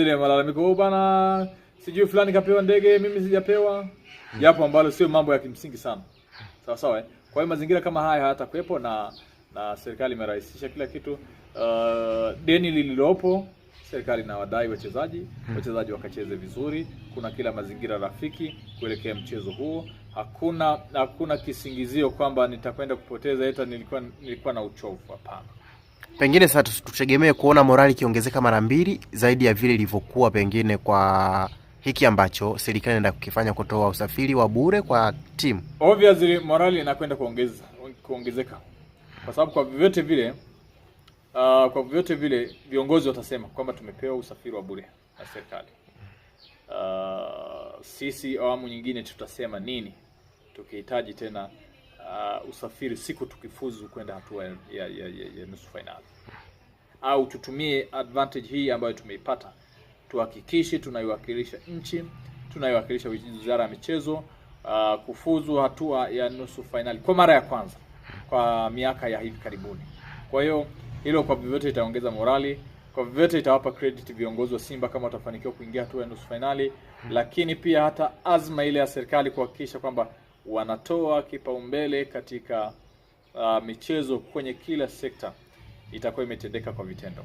Ile malalamiko huko oh, bana, sijui fulani kapewa ndege, mimi sijapewa, japo ambalo sio mambo ya kimsingi sana, sawa sawa eh? Kwa hiyo mazingira kama haya hayatakuwepo na na serikali imerahisisha kila kitu. Uh, deni lililopo serikali na wadai wachezaji, wachezaji wakacheze vizuri. Kuna kila mazingira rafiki kuelekea mchezo huo. Hakuna hakuna kisingizio kwamba nitakwenda kupoteza, eta nilikuwa nilikuwa na uchovu. Hapana. Pengine sasa tutegemee kuona morali ikiongezeka mara mbili zaidi ya vile ilivyokuwa, pengine kwa hiki ambacho serikali inaenda kukifanya, kutoa usafiri wa bure kwa timu. Obviously morali inakwenda kuongeza kuongezeka, kwa sababu kwa vyovyote vile uh, kwa vyovyote vile viongozi watasema kwamba tumepewa usafiri wa bure na serikali. Uh, sisi awamu nyingine tutasema nini tukihitaji tena uh, usafiri siku tukifuzu kwenda hatua ya, ya, ya, ya nusu fainali, au tutumie advantage hii ambayo tumeipata, tuhakikishe tunaiwakilisha nchi, tunaiwakilisha wizara ya michezo uh, kufuzu hatua ya nusu fainali kwa mara ya kwanza kwa miaka ya hivi karibuni. Kwa hiyo hilo kwa vyovyote itaongeza morali kwa vyote itawapa credit viongozi wa Simba kama watafanikiwa kuingia hatua ya nusu fainali, lakini pia hata azma ile ya serikali kuhakikisha kwamba wanatoa kipaumbele katika uh, michezo kwenye kila sekta itakuwa imetendeka kwa vitendo.